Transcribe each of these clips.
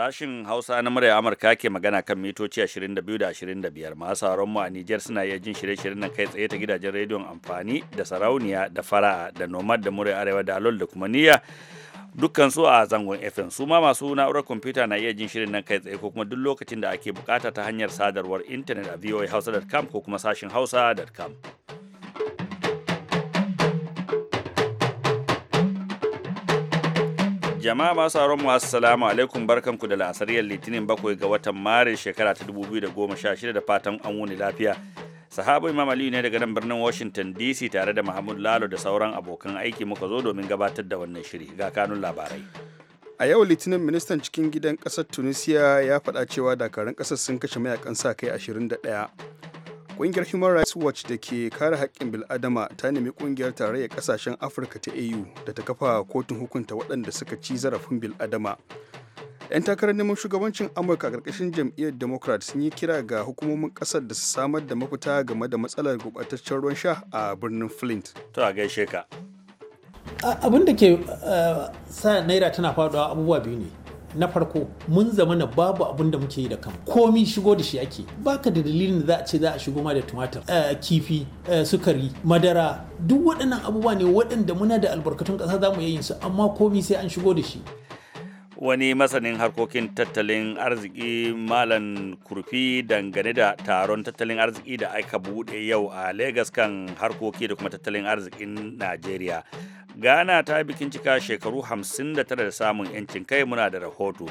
Sashin Hausa na murya Amurka ke magana kan mitoci 22 da 25 masu sauranmu a Nijar suna iya jin shirye-shiryen nan kai tsaye ta gidajen rediyon amfani da sarauniya da fara'a da nomad da murya arewa da alol da kuma niyya dukkan su a zangon FM su ma masu na'urar kwamfuta na iya jin shirin nan kai tsaye ko kuma duk lokacin da ake bukata ta hanyar sadarwar intanet a voahausa.com ko kuma sashin hausa.com. jama'a masu sauran mu assalamu alaikum barkanku da la'asariyar litinin bakwai ga watan maris shekara ta 2016 da fatan an wuni lafiya sahabu imam aliyu ne daga nan birnin washington dc tare da mahmud lalo da sauran abokan aiki muka zo domin gabatar da wannan shiri ga kanun labarai a yau litinin ministan cikin gidan kasar tunisia ya faɗa cewa dakarun kasar sun kashe mayakan sa kai 21 kungiyar Human Rights Watch da ke kare haƙƙin bil'adama ta nemi ƙungiyar tarayyar ƙasashen Afirka ta AU da ta kafa kotun hukunta waɗanda suka ci zarafin bil'adama. 'Yan takarar neman shugabancin Amurka a ƙarƙashin jam'iyyar Democrat sun yi kira ga hukumomin ƙasar da su samar da mafita game da matsalar gurɓataccen ruwan sha a birnin Flint. To a gaishe ka. Abin da ke eh, sa naira tana faɗuwa abubuwa biyu ne. na farko mun zama na babu abin da muke yi da kan komi shigo da shi ake baka da dalilin da za a ce za a shigo ma da tumatir eh, kifi eh, sukari madara duk waɗannan abubuwa ne waɗanda muna da albarkatun ƙasa za mu yin su amma komi sai an shigo da shi wani masanin harkokin tattalin arziki malam kurfi dangane da taron tattalin arziki da aka buɗe yau a lagos kan harkoki da kuma tattalin arzikin najeriya ghana ta bikin cika shekaru 59 da samun 'yancin kai muna da rahoto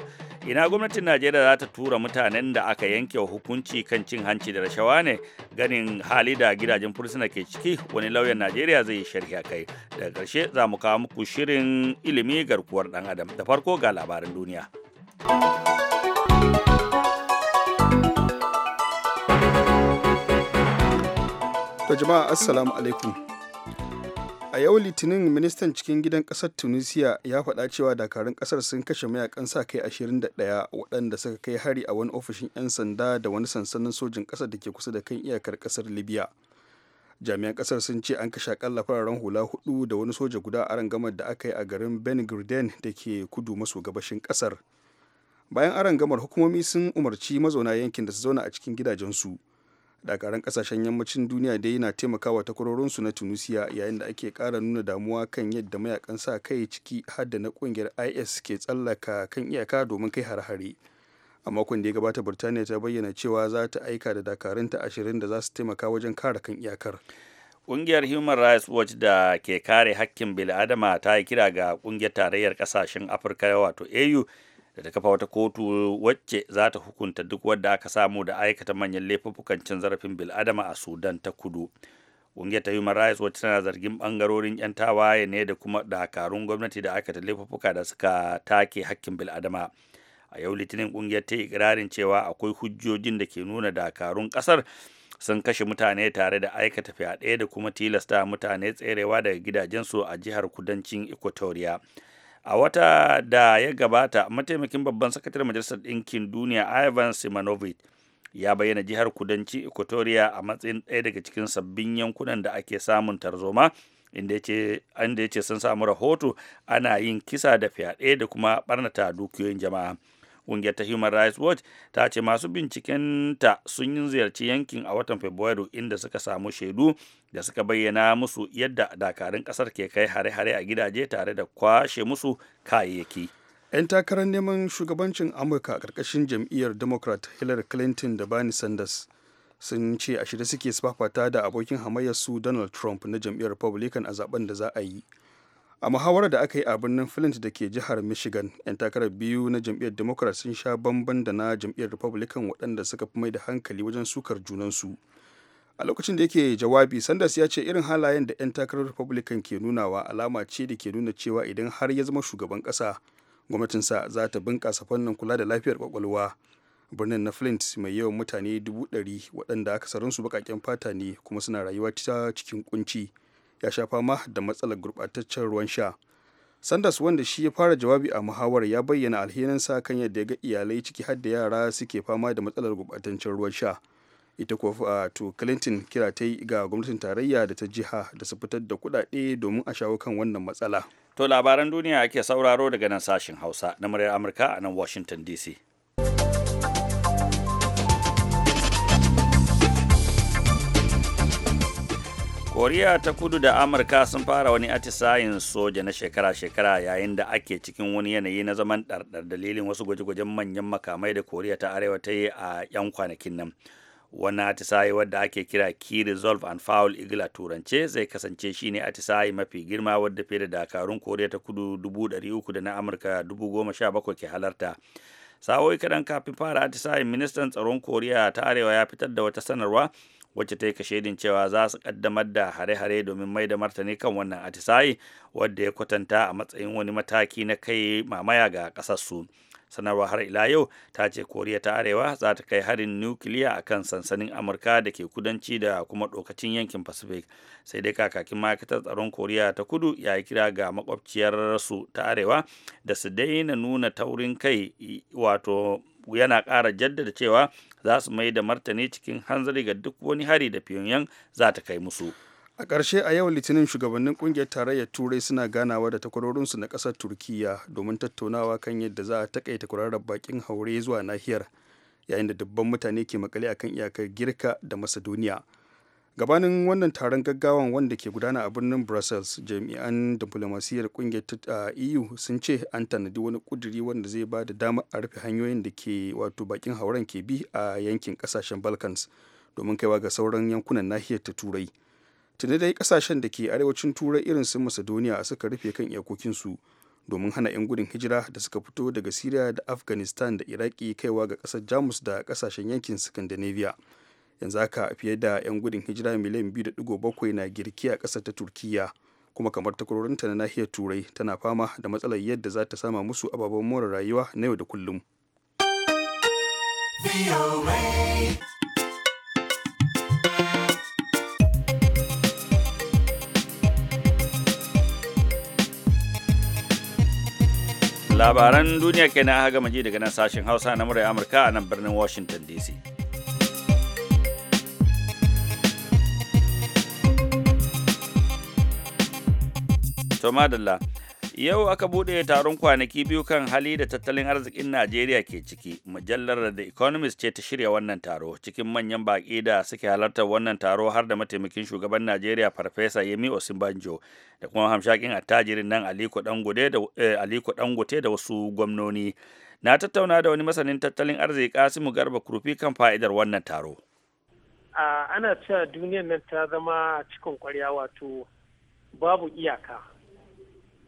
ina gwamnatin najeriya za ta tura mutanen da aka yanke hukunci kan cin hanci da rashawa ne ganin hali da gidajen fursuna ke ciki wani lauyan najeriya zai yi sharhi a kai daga ƙarshe za mu kawo muku shirin ilimi garkuwar ɗan adam da farko ga labarin duniya ta jama'a assalamu alaikum a yau litinin ministan cikin gidan kasar tunisia ya faɗa cewa dakarun kasar sun kashe mayakan sa kai 21 waɗanda suka kai hari a wani ofishin 'yan sanda da wani sansanin sojin kasar da ke kusa da kan iyakar kasar libya jami'an kasar sun ce an kashe akalla fararen hula hudu da wani soja guda a rangamar da aka yi a garin ben gurden da ke kudu maso gabashin kasar bayan arangamar hukumomi sun umarci mazauna yankin da su zauna a cikin gidajensu dakarun kasashen yammacin duniya dai yana taimakawa takwarorinsu na tunisia yayin da ake kara nuna damuwa kan yadda mayakan sa kai ciki hadda na kungiyar is ke tsallaka kan iyaka domin kai har-hare a makon da ya gabata birtaniya ta bayyana cewa za ta aika da dakarunta ashirin da za su taimaka wajen kare kan iyakar kungiyar Human Rights Watch da ke kare hakkin bil'adama ta yi kira ga kungiyar tarayyar ƙasashen Afirka wato AU da ta kafa wata kotu wacce za ta hukunta duk wadda aka samu da aikata manyan laifuffukan cin zarafin bil'adama a sudan ta kudu ƙungiyar ta human rights wacce tana zargin bangarorin 'yan tawaye ne da kuma dakarun gwamnati da aikata laifuffuka da suka take hakkin bil'adama a yau litinin ƙungiyar ta ikirarin cewa akwai hujjojin da ke nuna dakarun ƙasar sun kashe mutane tare da aikata fyaɗe da kuma tilasta mutane tserewa daga gidajensu a jihar kudancin equatoria a wata da ya gabata mataimakin babban sakataren majalisar ɗinkin duniya ivan simonovic ya bayyana jihar kudanci equatoria a matsayin ɗaya daga cikin sabbin yankunan da ake samun tarzoma inda ya ce sun samu rahoto ana yin kisa da fyaɗe da kuma ɓarnata dukiyoyin jama'a ƙungiyar ta human rights watch ta ce masu bincikenta sun yi ziyarci yankin a watan fabrairu inda suka samu shaidu da suka bayyana musu yadda dakarun kasar ke kai hare-hare a gidaje tare da kwashe musu kayayyaki. 'yan takarar neman shugabancin amurka a ƙarƙashin jam'iyyar democrat hillary clinton da bernie sanders sun ce a shirye suke fafata da abokin su donald trump na jam'iyyar republican a zaben da za a yi a muhawarar da aka yi a birnin flint da ke jihar michigan 'yan takarar biyu na jam'iyyar democrat sun sha bamban da na jam'iyyar republican waɗanda suka fi mai da hankali wajen sukar junansu. su a lokacin da yake jawabi sanders ya ce irin halayen da 'yan takarar republican ke nunawa alama ce da ke nuna cewa idan har ya zama shugaban kasa gwamnatinsa za ta bunƙasa fannin kula da lafiyar kwakwalwa birnin na flint mai yawan mutane dubu ɗari waɗanda su baƙaƙen fata ne kuma suna rayuwa ta cikin kunci ya sha fama da matsalar gurɓataccen ruwan sha sanders wanda shi ya fara jawabi a muhawar ya bayyana sa kan yadda ya ga iyalai ciki har da yara suke fama da matsalar gurɓataccen ruwan sha ita kuwa to clinton kira ta yi ga gwamnatin tarayya da ta jiha da su fitar da kuɗaɗe domin a shawo kan wannan matsala to labaran duniya ake sauraro daga nan sashen hausa na muryar amurka a nan washington dc koriya ta kudu da amurka sun fara wani atisayin soja na shekara-shekara yayin da ake cikin wani yanayi na zaman ɗarɗar dalilin wasu gwaje-gwajen manyan makamai da koriya ta arewa ta yi a 'yan kwanakin nan wani atisaye wadda ake kira key resolve and foul eagle a turance zai kasance shine atisaye mafi girma wadda fiye da dakarun koriya ta kudu 300 da na amurka 17,000 ke halarta sa'o'i kaɗan kafin fara atisayen ministan tsaron koriya ta arewa ya fitar da wata sanarwa wacce ta yi kashedin cewa za su kaddamar da hare-hare domin mai da martani kan wannan atisaye wadda ya kwatanta a matsayin wani mataki na kai mamaya ga ƙasarsu. su sanarwa har ila yau ta ce koriya ta arewa za ta kai harin nukiliya a kan sansanin amurka da ke kudanci da kuma dokacin yankin pacific sai dai kakakin ma'aikatar tsaron koriya ta kudu ya yi kira ga makwabciyar su ta arewa da su daina nuna taurin kai wato yana kara jaddada cewa za su mai da martani cikin hanzari ga duk wani hari da pyongyang za ta kai musu a ƙarshe a yau litinin shugabannin ƙungiyar tarayyar turai suna ganawa da takwarorinsu na ƙasar turkiya domin tattaunawa kan yadda za a takaita kwararar bakin haure zuwa nahiyar yayin da dubban mutane ke makale akan iyakar girka da macedonia gabanin wannan taron gaggawan wanda ke gudana a birnin brussels jami'an diflomasiyyar kungiyar eu sun ce an tanadi wani kuduri wanda zai ba da dama a rufe hanyoyin da ke wato bakin hauren ke bi a yankin kasashen balkans domin kaiwa ga sauran yankunan nahiyar ta turai tuni dai kasashen da ke arewacin turai irin su macedonia suka rufe kan iyakokinsu domin hana 'yan gudun hijira da suka fito daga syria da afghanistan da iraki kaiwa ga kasar jamus da kasashen yankin scandinavia yanzu haka fiye da 'yan gudun hijira miliyan 2.7 na girki a kasar ta turkiya kuma kamar takwarorinta na nahiyar turai tana fama da matsalar yadda za ta sama musu ababen more rayuwa na yau da kullum. labaran duniya ke na gama ji daga nan sashen hausa na murai amurka a nan birnin washington dc to madalla Yau aka buɗe taron kwanaki biyu kan hali da tattalin arzikin Najeriya ke ciki. Mujallar The Economist ce ta shirya wannan taro. Cikin manyan baƙi da suke halartar wannan taro har da mataimakin shugaban Najeriya Farfesa Yemi Osinbanjo da kuma hamshakin attajirin nan eh, Aliko Dangote da wasu gwamnoni. Na tattauna da wani masanin tattalin arziki Kasimu Garba Kurfi kan fa'idar wannan taro. Ah, ana cewa duniyar nan ta zama cikin kwarya wato babu iyaka.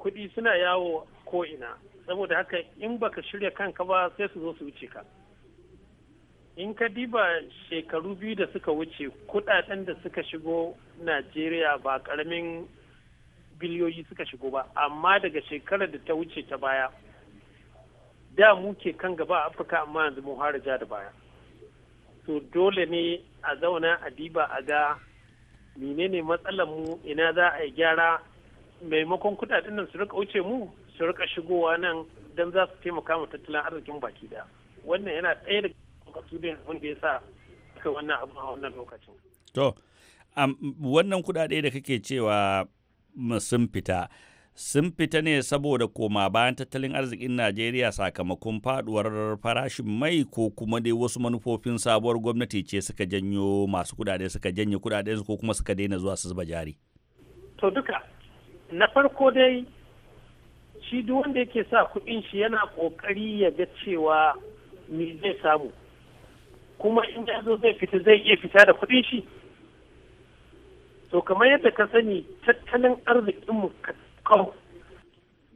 kuɗi suna yawo ko ina saboda haka in baka shirya kanka ba sai su zo su wuce ka in ka diba shekaru biyu da suka wuce kuɗaɗen da suka shigo najeriya ba ƙaramin biliyoyi suka shigo ba amma daga shekarar da ta wuce ta baya da muke kan gaba a afirka amma yanzu mun haraja da baya to dole ne a zauna a diba a ga menene matsalar mu ina za a yi gyara maimakon kudaden nan su rika wuce mu su rika shigowa nan don za su taimaka mu tattalin arzikin baki da wannan yana ɗaya daga cikin wanda ya sa ka wannan abu a wannan lokacin to wannan kudade da kake cewa sun fita sun fita ne saboda koma bayan tattalin arzikin Najeriya sakamakon faduwar farashin mai ko kuma dai wasu manufofin sabuwar gwamnati ce suka janyo masu kudade suka janye kudade ko kuma suka daina zuwa su zuba jari. To duka na farko dai shi duk wanda yake sa kuɗin shi yana ƙoƙari ya ga cewa me zai samu kuma in ya zo zai fita zai iya fita da kuɗin shi to kamar yadda ka sani tattalin arzikinmu kawo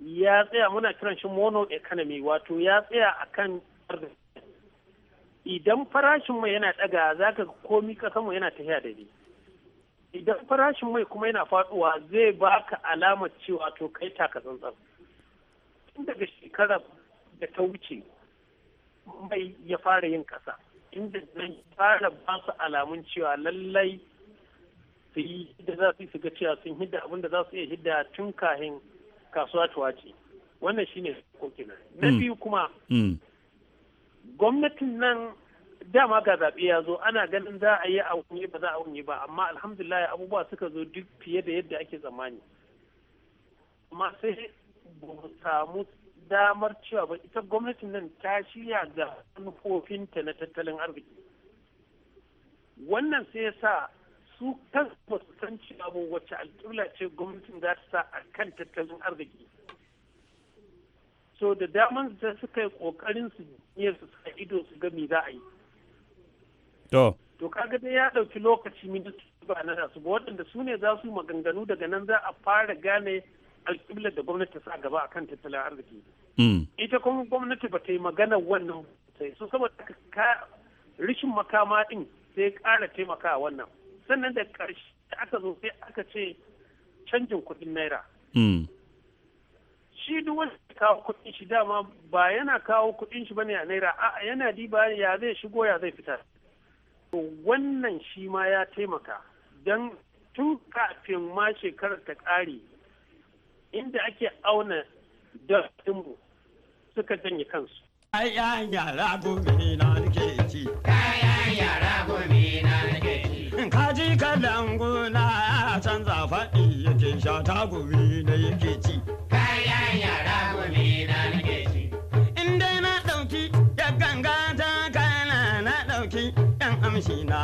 ya tsaya muna kiran shi mono economy wato ya tsaya akan idan farashin mai yana ɗaga za ka komi kasanmu yana tafiya da ni idan farashin mai kuma yana faduwa zai baka alamar cewa to kai taka tsantsan tun daga shekarar da ta wuce mai ya fara yin kasa inda zai fara ba su alamun cewa lallai su yi da za su yi su ga cewa sun hidda abin da za su iya hidda tun kahin kasuwa ta wace wannan shine kokina na mm. biyu kuma mm. gwamnatin nan dama ga zaɓe ya zo ana ganin za a yi a wuni ba za a wuni ba amma alhamdulillah abubuwa suka zo duk fiye da yadda ake tsammani amma sai ba mu samu damar cewa ba ita gwamnatin nan ta shirya ga manufofinta na tattalin arziki wannan sai ya sa su kan ba su san cewa wacce alƙibla ce gwamnatin za ta sa a kan tattalin arziki so da damar da suka yi ƙoƙarin su ido su ga za a yi To. To kaga dai ya ɗauki lokaci ministoci ba na nasu ba waɗanda su ne za su maganganu daga nan za a fara gane alƙiblar da gwamnati ta sa gaba akan tattalin arziki. Mm. Ita kuma gwamnati ba ta yi magana wannan sai so saboda ka rishin makama ɗin sai ƙara taimaka wannan. Sannan da ƙarshe aka zo sai aka ce canjin kuɗin naira. Mm. shi duk wanda kawo kuɗin shi dama ba yana kawo kuɗin shi bane a naira a'a yana diba ya zai shigo ya zai fita wannan shi ma ya taimaka don tun kafin ma shekarar ta ƙare inda ake auna da mu suka janye kansu. Kayan yara gobe na nake ci. Kayan yara gobe na nake ci. Kaji kalan gona ya canza faɗi yake sha ta gobe na yake ci. Kayan yara gobe na nake ci. Inda na ɗauki ya ganga ta. ɗan amshi na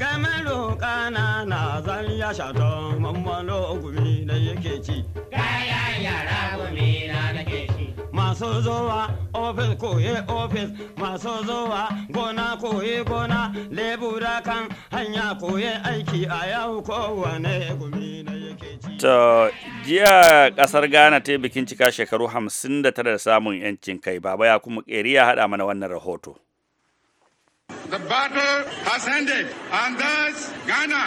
ga malo kana na zan ya shato mammalo gumi da yake ci kaya yara gumi na nake ci maso zowa ofis koye ofis masu zowa gona koye gona lebura kan hanya koye aiki a yau kowane gumi na yake ci to jiya kasar ghana ta bikin cika shekaru 59 da samun yancin kai baba ya kuma ƙeri ya haɗa mana wannan rahoto The battle has ended, and thus Ghana,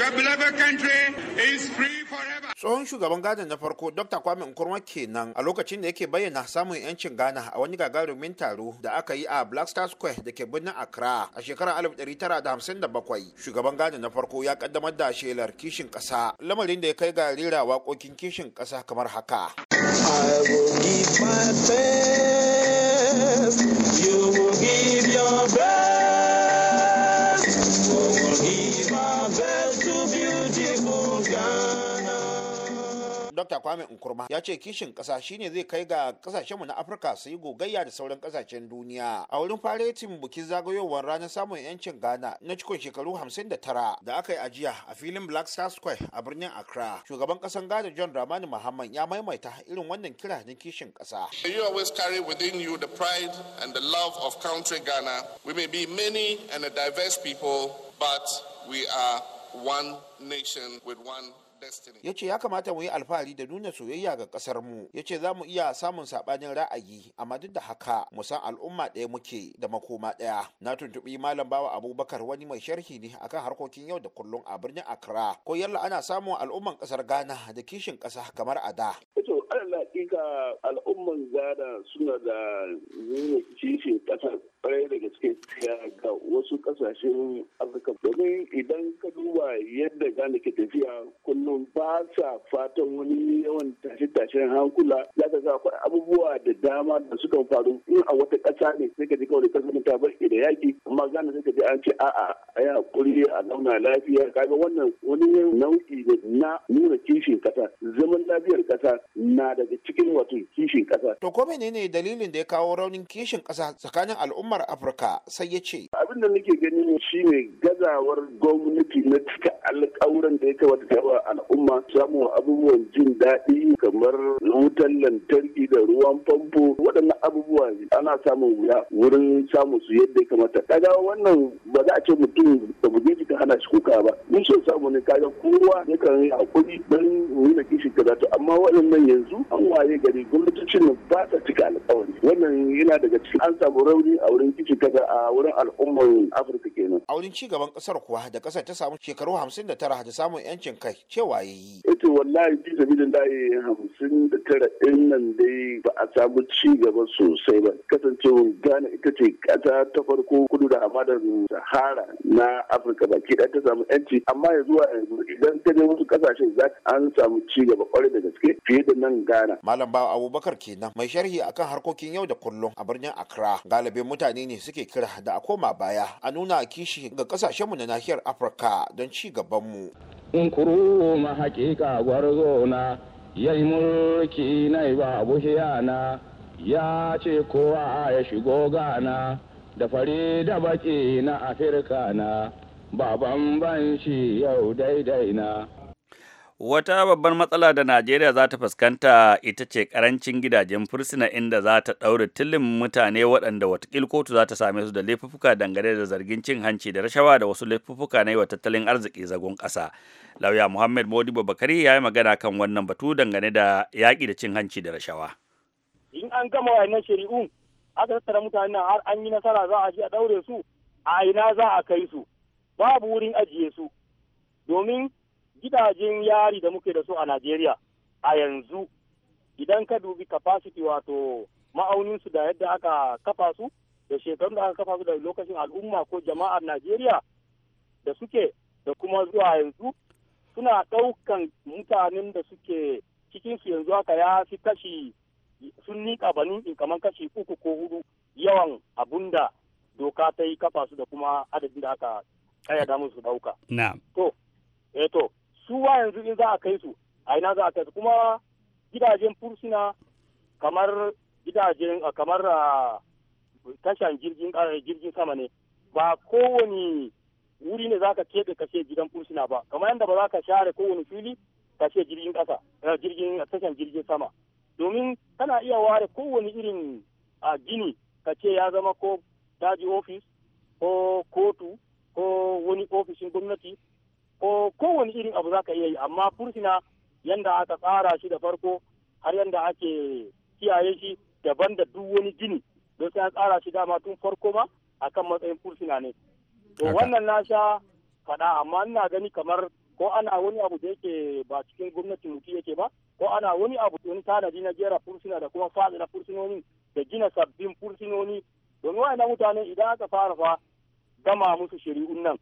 your beloved country, is free forever. Tsohon shugaban Ghana na farko Dr. Kwame Nkrumah kenan a lokacin da yake bayyana samun 'yancin Ghana a wani gagarumin taro da aka yi a Black Star Square da ke birnin Accra a shekarar 1957. Shugaban Ghana na farko ya kaddamar da shelar kishin ƙasa, lamarin da ya kai ga rera waƙoƙin kishin ƙasa kamar haka. I will best. You will give your best. Dr. Kwame Nkrumah ya ce kishin ƙasa shine zai kai ga ƙasashenmu na Afirka su yi gogayya da sauran kasashen duniya. A wurin faretin bikin zagayowar ranar samun 'yancin Ghana na cikon shekaru 59 da aka yi ajiya a filin Black Star Square a birnin Accra. Shugaban ƙasan Ghana John Dramani Mahama ya maimaita irin wannan kira na kishin ƙasa. You always carry within you the pride and the love of country Ghana. We may be many and a diverse people, but we are one nation with one ya ce ya kamata mu yi alfahari da nuna soyayya ga kasar mu ya ce za mu iya samun sabanin ra'ayi amma duk da haka mu san al'umma ɗaya muke da makoma ɗaya na tuntuɓi malam bawa abubakar wani mai sharhi ne akan harkokin yau da kullum a birnin accra ko yalla ana samun al'umman kasar ghana da kishin ƙasa kamar a da alal al'umman ghana suna da nuna kishin ƙasar kwarai da gaske ga wasu kasashen afirka domin idan ka duba yadda gane ke tafiya kullum ba sa fatan wani yawan tashe-tashen hankula za ka ga akwai abubuwa da dama da suka faru in a wata ƙasa ne sai ka ji kawai ƙasar ta bar da yaƙi amma gane sai ka ji an ce a'a a yi hakuri a launa lafiya kaga wannan wani nau'i na nuna kishin ƙasa zaman lafiyar ƙasa na daga cikin wato kishin ƙasa. to ko menene dalilin da ya kawo raunin kishin ƙasa tsakanin al'umma al'ummar afirka sai ya ce abin da nake gani ne ne gazawar gwamnati na cika alƙawuran da ya kamata ta wa al'umma samun abubuwan jin daɗi kamar wutan lantarki da ruwan famfo waɗannan abubuwa ana samun wuya wurin samun su yadda ya kamata kaga wannan ba za a ce mutum da mu ka hana shi kuka ba mun so samu ne kaga kowa ya kan yi hakuri don nuna kishi kaza to amma waɗannan yanzu an waye gari gwamnatocin ba ta cika alƙawari wannan yana daga cikin an samu rauni a wurin ciki daga a wurin al'ummar Afirka kenan. A wurin cigaban kasar kuwa da kasar ta samu shekaru hamsin da tara da samun yancin kai cewa ya yi. Ito eh wallahi fi sabilin layi hamsin da tara ɗin nan dai ba a samu cigaba sosai ba. Kasancewar Ghana ita ce kasa ta farko kudu da hamadar Sahara na Afirka baki ɗaya ta samu yanci amma ya zuwa yanzu idan ta je wasu kasashen za an samu ci gaba kwarai da gaske fiye da nan gana. Malam Bawa Abubakar kenan mai sharhi akan harkokin yau da kullum a birnin Accra galibin mutane mutane ne suke kira da a koma baya a nuna kishi ga kasashenmu na nahiyar afirka don ci gabanmu in kuru ma hakika gwarzo na ya yi mulki na ba buhiyana ya ce kowa ya shigo gana da fari da baki na afirka na ba shi yau daidai na Wata babbar matsala da Najeriya za ta fuskanta ita ce karancin gidajen fursuna inda za ta ɗaure tilin mutane waɗanda watakil kotu za ta same su da laifuffuka dangane da zargin cin hanci da rashawa da wasu laifuffuka na yi wa tattalin arziki zagon ƙasa. Lauya Muhammad Modibo Bakari ya yi magana kan wannan batu dangane da yaƙi da cin hanci da rashawa. In an gama wayannan shari'un aka tattara mutanen har an yi nasara za a je a ɗaure su a ina za a kai su babu wurin ajiye su domin gidajen yari da muke da su a Najeriya a yanzu idan ka dubi capacity wato ma'aunin su da yadda aka kafa su da shekarun da aka kafa su da lokacin al'umma ko jama'ar Najeriya da suke da kuma zuwa yanzu suna ɗaukan mutanen da suke cikin su yanzu haka ya fi kashi sun niƙa banin kamar kashi uku ko hudu yawan abun da doka ta yi kafa su da kuma adadin da aka kayyada musu ɗauka. To, eh su wa yanzu in za a kai su a ina za a kai su kuma gidajen fursuna kamar gidajen kamar tashan jirgin jirgin sama ne ba kowane wuri ne zaka keɓe kashe gidan fursuna ba kamar yadda ba za ka share kowane fili kashe jirgin ƙasa eh, jirgin tashan jirgin sama domin kana iya ware kowane irin a gini ka ce ya zama ko daji ofis ko kotu ko wani ofishin gwamnati ko kowane irin abu zaka iya yi amma fursuna yanda aka tsara shi da farko har yadda ake kiyaye shi daban da duk wani gini don sai an tsara shi dama tun farko ma akan matsayin fursuna ne to wannan na sha faɗa amma ina gani kamar ko ana wani abu da yake ba cikin gwamnati muki yake ba ko ana wani abu wani tanadi na gera fursuna da kuma faɗi na fursunoni da gina sabbin fursunoni domin wa'annan mutane idan aka fara fa gama musu shari'un nan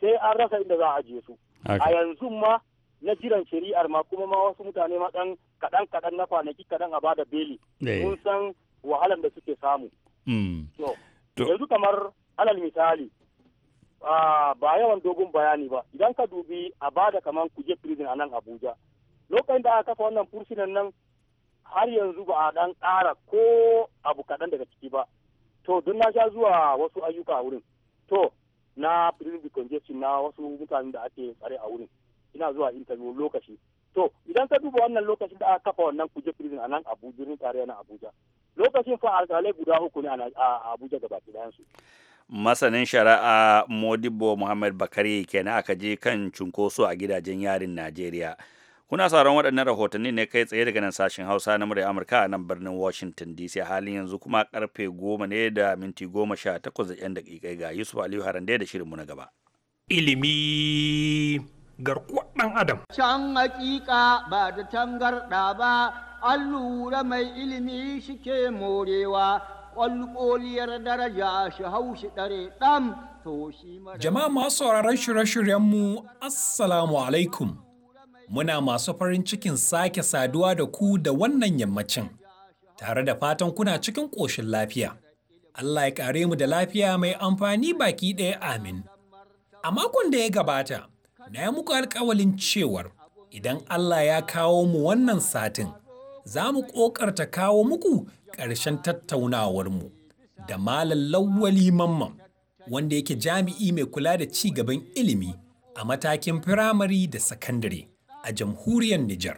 sai an rasa inda za a ajiye su a yanzu ma na jiran shari'ar ma kuma ma wasu mutane ma dan kaɗan kaɗan na kwanaki kaɗan a bada beli eh. mun san wahalan da suke samu hmm. yanzu kamar alal misali ba yawan dogon bayani ba idan ka dubi a bada kamar kuje prison a nan abuja lokacin da aka kafa wannan fursunan nan har yanzu ba a dan ƙara ko abu kaɗan daga ciki ba to don na sha zuwa wasu ayyuka wurin to na prison congestion na wasu mutanen da ake tsare a wurin ina zuwa interview lokaci to idan ka duba wannan lokacin da aka kafa wannan kuje prison a nan abuja birnin tarayya na abuja lokacin fa alkalai guda uku ne a abuja baki ɗayansu masanin shari'a modibo muhammad bakari kenan aka je kan cunkoso a gidajen yarin najeriya Kuna sauran waɗannan rahotanni ne kai tsaye daga nan sashen Hausa na murya Amurka a nan birnin Washington DC halin yanzu kuma karfe goma ne da minti goma sha takwas da 'yan daƙiƙai ga Yusuf Aliyu Harande da shirinmu na gaba. Ilimi garkuwar ɗan Adam. Can hakika ba da tangarɗa ba, allura mai ilimi shike morewa, ƙwalƙoliyar daraja shi hau shi ɗare ɗam Jama'a masu sauraron shirye-shiryenmu, Assalamu alaikum. muna masu farin cikin sake saduwa da ku da wannan yammacin, tare da fatan kuna cikin ƙoshin lafiya. Allah ya kare mu da lafiya mai amfani baki ɗaya amin. A makon da ya gabata, na yi muku alkawalin cewar idan Allah ya kawo mu wannan satin, za mu ƙoƙarta kawo muku ƙarshen tattaunawarmu da Malam Lawwali Mamman, wanda yake jami'i mai kula da ci gaban ilimi a matakin firamare da sakandare. a jamhuriyar Nijar.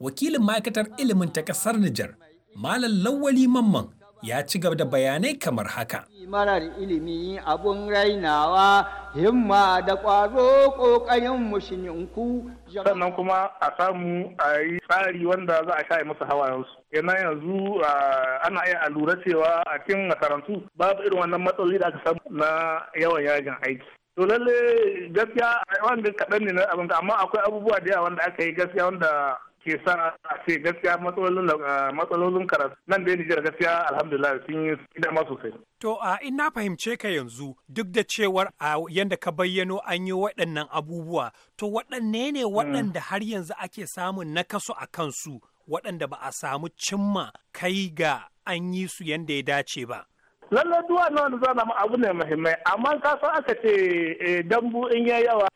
Wakilin ma'aikatar ilimin ta ƙasar Nijar, Malam Lawali Mamman ya ci gaba da bayanai kamar haka. Marar ilimi abun rainawa himma da ƙwaro ƙoƙarin mushininku. Sannan kuma a samu a yi tsari wanda za a shaye musu hawayensu. Yana yanzu ana iya lura cewa a cikin makarantu babu irin wannan matsaloli da aka samu na yawan yajin aiki. to lalle gaskiya wanda kaɗan ne na abin amma akwai abubuwa da yawa wanda aka yi gaskiya wanda ke sa a ce gaskiya matsalolin karatu nan da Nijar gaskiya alhamdulillah sun yi dama sosai. To a ina fahimce ka yanzu duk da cewar a yanda ka bayyano an yi waɗannan abubuwa to waɗanne ne mm. waɗanda har yanzu ake samun nakasu a kansu waɗanda ba a samu cimma kai ga an yi su yanda ya dace ba. lallai duwa na wani zana ma abu ne muhimmai amma ka san aka ce eh, dambu in ya yawa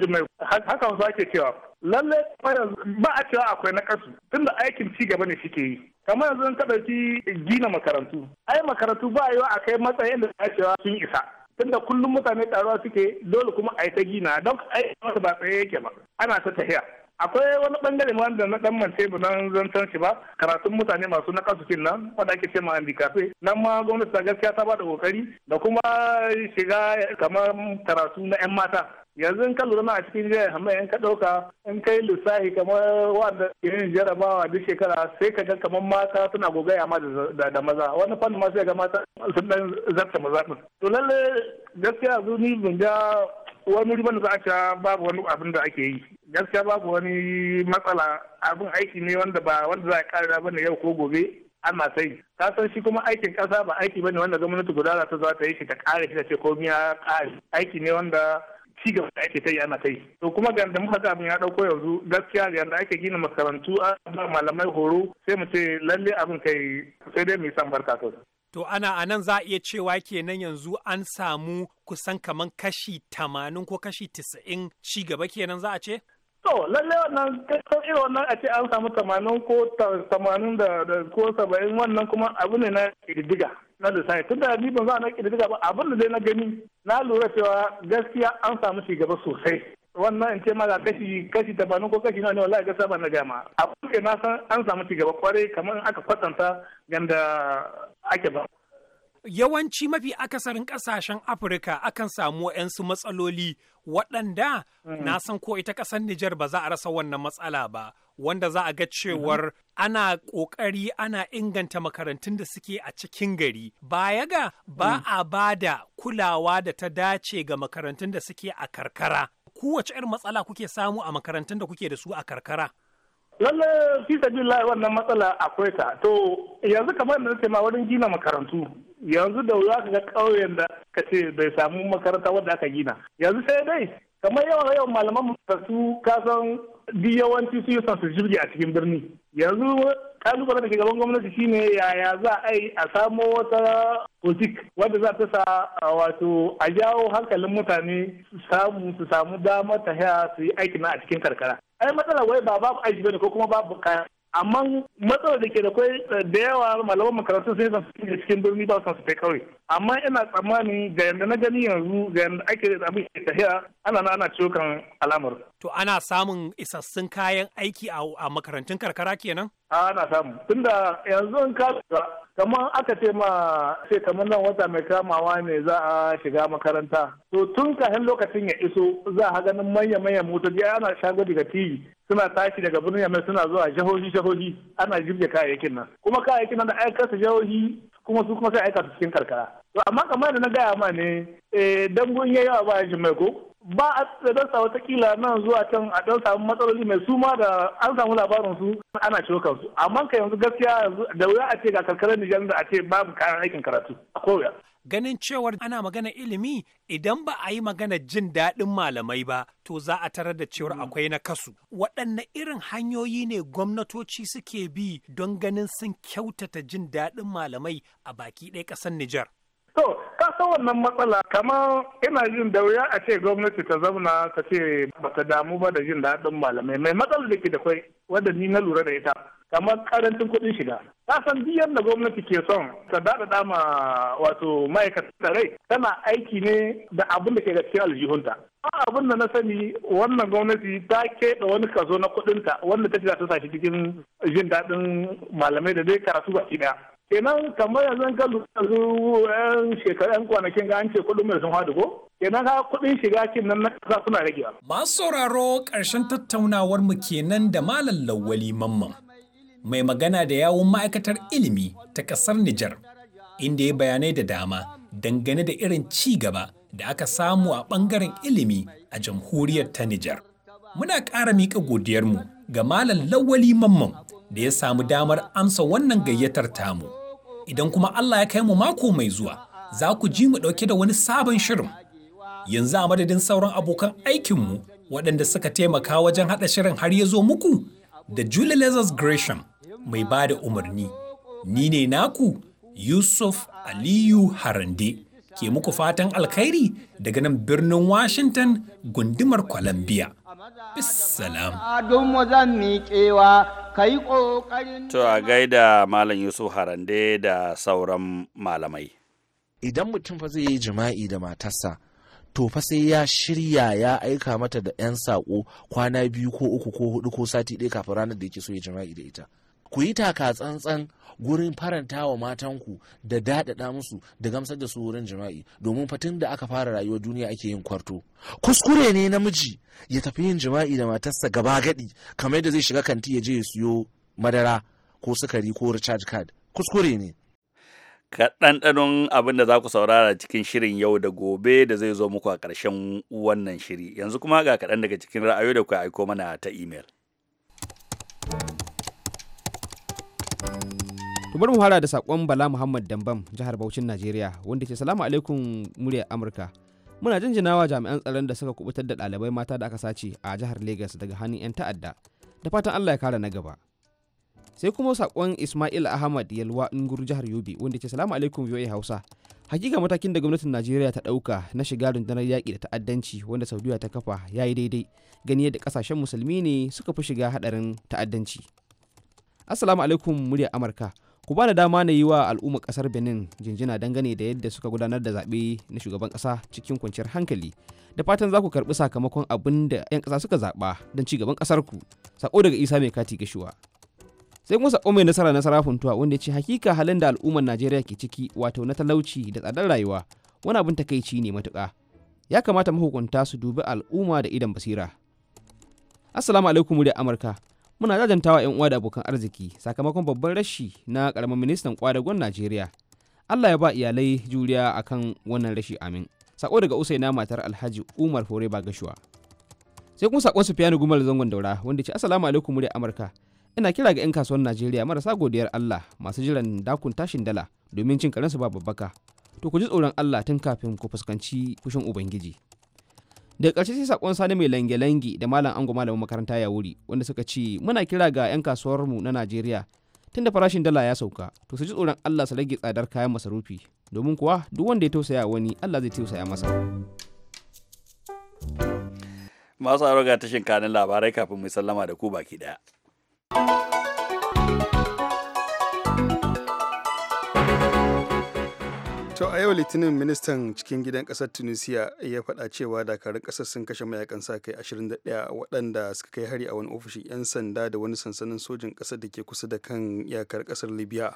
jimai haka wasu ake cewa lallai ba a cewa akwai na kasu tunda aikin ci gaba ne suke yi kamar yanzu in ka ɗauki gina makarantu ai makarantu ba yiwa a kai matsayin da ta cewa sun isa tunda kullum mutane taruwa suke dole kuma a yi ta gina don a ba tsaye yake ba ana ta tafiya akwai wani bangare ma da na dan mance ba nan zantan shi ba karatun mutane masu na kasu nan wanda ake cewa kafe. nan ma gwamnati ta gaskiya ta bada kokari da kuma shiga kamar karatu na yan mata yanzu in ka lura na a cikin jiya hamma in ka dauka in kai lissafi kamar wanda yin jarabawa duk shekara sai ka ga kamar mata suna gogaya ma da maza wani fannin ma sai ga mata sun dan zarta maza to lalle gaskiya yanzu ni ban ga wani riban da za a sha babu wani abin da ake yi gaskiya babu wani matsala abin aiki ne wanda ba wanda za a ba ne yau ko gobe ana sai ka san shi kuma aikin kasa ba aiki bane wanda gwamnati guda za ta zo ta yi shi ta kare shi ta ce komai ya kare aiki ne wanda ci gaba da ake ta yi ana to kuma ga da muka ga abin ya dauko yanzu gaskiya yanda ake gina makarantu a malamai horo sai mu ce lalle abin kai sai dai mu san barka sosai To ana anan za a iya cewa kenan yanzu an samu kusan kaman kashi tamanin ko kashi tisa'in ci gaba kenan za a ce? To lalle wannan kasar irin wannan a ce an samu tamanin ko tamanin da ko saba'in wannan kuma abu ne na ƙididdiga na lissafi tunda ni ban za na ƙididdiga ba abin da dai na gani na lura cewa gaskiya an samu ci gaba sosai wannan in ce maza kashi kashi tabanin ko kashi na ne wallahi ga ban na gama a kuke na san an samu ci gaba kwarai kamar aka kwatanta ganda ake ba yawanci mafi akasarin kasashen afirka akan samu 'yansu matsaloli waɗanda mm. na san ko ita ƙasar Nijar ba za a rasa wannan matsala ba wanda za a ga mm-hmm. cewar ana ƙoƙari ana inganta makarantun da suke a cikin gari baya ga ba mm. a ba da kulawa da ta dace ga makarantun da suke a karkara kowace irin matsala kuke samu a makarantun da kuke da su a karkara lalle fi sabilillah wannan matsala akwai ta to yanzu kamar da nake ma wurin gina makarantu yanzu da za ka ga ƙauyen da ka ce bai samu makaranta wadda aka gina yanzu sai dai kamar yawan yawan malaman makarantu ka san duk yawanci su yi su jirgi a cikin birni yanzu kalubar da ke gaban gwamnati shine yaya za a yi a samo wata politik wadda za ta sa wato a jawo hankalin mutane su samu su samu damar ta haya su yi aikin a cikin karkara ai matsala wai ba babu aiki bane ko kuma babu kaya amma matsalar da ke da kai da yawa malaman makarantu sun yi cikin birni ba su kai kawai. amma ina tsammanin ga yadda na gani yanzu ga yadda ake abin ke tafiya ana na ana cokan alamar. To ana samun isassun kayan aiki a makarantun karkara kenan? Ana samu. Tunda yanzu in ka kamar aka ce ma ce kamar nan wata mai kamawa ne za a shiga makaranta. To tun kafin lokacin ya iso za a ganin manya-manyan motoci ana shago daga tiyi suna tashi daga birnin yamma suna zuwa jihohi jihohi ana jirge kayayyakin nan kuma kayayyakin nan da aka jihohi kuma su kuma sai aika su cikin karkara to amma kamar da na gaya ma ne eh, dangon ya yawa bayan jimai ko ba a da sa watakila nan zuwa can a dan samu matsaloli mai suma da an samu labarin su ana cokan kansu amma ka yanzu gaskiya da wuya a ce ga karkarar Nijar da a ce babu kayan aikin karatu a koya ganin cewar ana magana ilimi idan ba a yi magana jin daɗin malamai ba to za a tarar da cewar mm. akwai na kasu waɗanne irin hanyoyi ne gwamnatoci suke bi don ganin sun kyautata jin daɗin malamai a baki ɗaya ƙasar Nijar. To, san wannan matsala kamar ina jin da wuya a ce gwamnati ta zauna ta ce bata damu ba da jin daɗin malamai mai matsalar da ke da kwai wadda ni na lura da ita kamar karancin kuɗin shiga ta san biyan da gwamnati ke son ta daɗa dama wato ma'aikatan rai tana aiki ne da abin da ke ga cikin aljihunta abin da na sani wannan gwamnati ta keɓe wani kaso na kuɗinta wanda ta ce ta sa shi cikin jin daɗin malamai da dai karatu baki ɗaya kenan kamar yanzu ka yanzu yan shekaru yan kwanakin ga an ce kuɗin mai sun hadu ko kenan ka kuɗin shiga kin nan na suna ragewa. masu sauraro ƙarshen tattaunawar mu kenan da malam Lawali mamman. mai magana da yawun ma'aikatar ilimi ta ƙasar Nijar, inda ya bayanai da dama dangane da irin ci gaba da aka samu a ɓangaren ilimi a jamhuriyar ta Nijar. Muna ƙara miƙa godiyarmu ga Malam Lawali Mamman da ya samu damar amsa wannan gayyatar tamu. Idan kuma Allah ya kai mu mako mai zuwa, za ku ji mu ɗauke da wani sabon shirin. Yanzu a madadin sauran abokan aikinmu waɗanda suka taimaka wajen haɗa shirin har ya zo muku. da Julie Lazarus Gresham mai ba da umarni. Ni ne naku Yusuf Aliyu Harande ke muku fatan alkhairi daga nan birnin Washington gundumar Columbia. Bissalam. To a gaida Malam Yusuf Harande da sauran malamai. Idan mutum fa zai yi jima'i da matarsa. to fa sai ya shirya ya aika mata da 'yan saƙo kwana biyu ko uku ko hudu ko sati ɗaya kafin ranar da yake so ya jima'i da ita ku yi taka tsantsan gurin faranta wa matanku da daɗaɗa musu da gamsar da su wurin jima'i domin fatin da aka fara rayuwa duniya ake yin kwarto kuskure ne namiji ya tafi yin jima'i da matarsa gaba gaɗi kamar yadda zai shiga kanti ya je ya siyo madara ko sukari ko recharge card kuskure ne kaɗanɗanon abin da za ku saurara cikin shirin yau da gobe da zai zo muku a ƙarshen wannan shiri yanzu kuma ga kaɗan daga cikin ra'ayoyi da ku aiko mana ta imel. bari mu fara da saƙon Bala Muhammad Dambam jihar Bauchin Najeriya wanda ke salamu alaikum muryar Amurka. Muna jinjinawa jami'an tsaron da suka kubutar da ɗalibai mata da aka sace a jihar Legas daga hannun 'yan ta'adda. Da fatan Allah ya kare na gaba. sai kuma sakon ismail ahmad yalwa ngur jihar yobe wanda ke salamu alaikum voa hausa hakika matakin da gwamnatin najeriya ta dauka na shiga rundunar yaƙi da ta'addanci wanda saudiya ta kafa ya yi daidai gani yadda kasashen musulmi ne suka fi shiga hadarin ta'addanci assalamu alaikum murya amurka ku ba da dama na yi wa al'umma kasar benin jinjina dangane da yadda suka gudanar da zaɓe na shugaban ƙasa cikin kwanciyar hankali da fatan za ku karɓi sakamakon abin da 'yan ƙasa suka zaɓa don ci gaban ƙasar ku sako daga isa mai kati gashuwa sai kuma sako mai nasara na sarafin tuwa wanda ya ce hakika halin da al'ummar najeriya ke ciki wato na talauci da tsadar rayuwa wani abin takaici ne matuƙa ya kamata mahukunta su dubi al'umma da idan basira assalamu alaikum da amurka muna jajantawa yan uwa da abokan arziki sakamakon babban rashi na karamin ministan kwadagon najeriya allah ya ba iyalai juriya akan wannan rashi amin sako daga usaina matar alhaji umar fore bagashuwa sai kuma sakon su fiyani gumal zangon daura wanda ce assalamu alaikum da amurka ina kira ga 'yan kasuwan najeriya marasa godiyar allah masu jiran dakun tashin dala domin cin karensu ba babbaka to ku ji tsoron allah tun kafin ku fuskanci kushin ubangiji daga ƙarshe sai sakon sani mai langi langi da malam ango malamin makaranta ya wuri wanda suka ce muna kira ga 'yan kasuwar mu na najeriya tun da farashin dala ya sauka to su ji tsoron allah su rage tsadar kayan masarufi domin kuwa duk wanda ya tausaya wani allah zai tausaya masa masu aro ga tashin kanin labarai kafin mu sallama da ku baki daya To a yau litinin ministan cikin gidan kasar Tunisia ya faɗa cewa dakarun kasar sun kashe mayakan sa kai 21 waɗanda suka kai hari a wani ofishin 'yan sanda da wani sansanin sojin kasar da ke kusa da kan iyakar kasar Libya.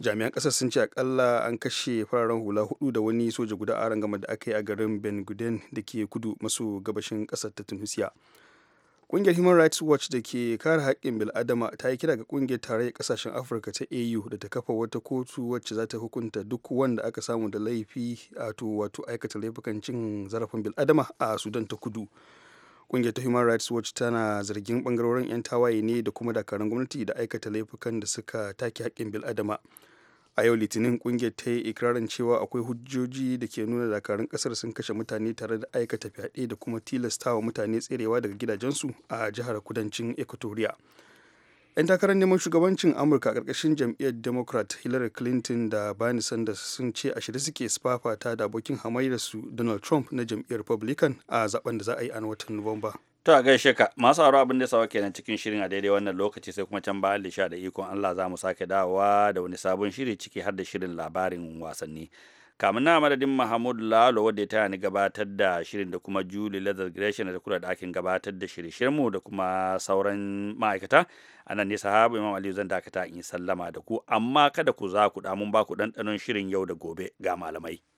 Jami'an kasar sun ce akalla an kashe fararen hula hudu da wani soja guda a rangama da aka yi a garin Ben Guden da ke kudu maso gabashin kasar ta Tunisia. kungiyar Human Rights Watch da ke kare haƙƙin bil'adama ta yi kira ga ƙungiyar tarayyar ƙasashen Afirka ta AU da ta kafa wata kotu wacce za ta hukunta duk wanda aka samu da laifi a wato aikata laifukan cin zarafin bil'adama a Sudan ta kudu. Ƙungiyar ta Human Rights Watch tana zargin ɓangarorin 'yan tawaye ne da kuma dakarun gwamnati da aikata laifukan da suka take haƙƙin bil'adama. a yau litinin kungiyar ta yi ikirarin cewa akwai hujjoji da ke nuna dakarun kasar sun kashe mutane tare da aikata fyaɗe da kuma tilastawa mutane tserewa daga gidajensu a jihar kudancin equatoria yan takarar neman shugabancin amurka a ƙarƙashin jam'iyyar democrat hillary clinton da bernie sanders sun ce a shirye suke fafata da abokin hamayyarsu donald trump na jam'iyyar republican a zaben da za a yi a watan nuwamba To a gaishe ka masu aro abin da sawa kenan cikin shirin a daidai wannan lokaci sai kuma can ba lisha da ikon Allah za mu sake dawowa da wani sabon shiri ciki har da shirin labarin wasanni. kamun na madadin Mahmud Lalo wadda ya taya ni gabatar da shirin da kuma Julie Leather Gresham da kula dakin gabatar da shirye-shirmu da kuma sauran ma'aikata a nan ne sahabu Imam Aliyu zan dakata in sallama da ku amma kada ku za ku damu ba ku ɗanɗanon shirin yau da gobe ga malamai.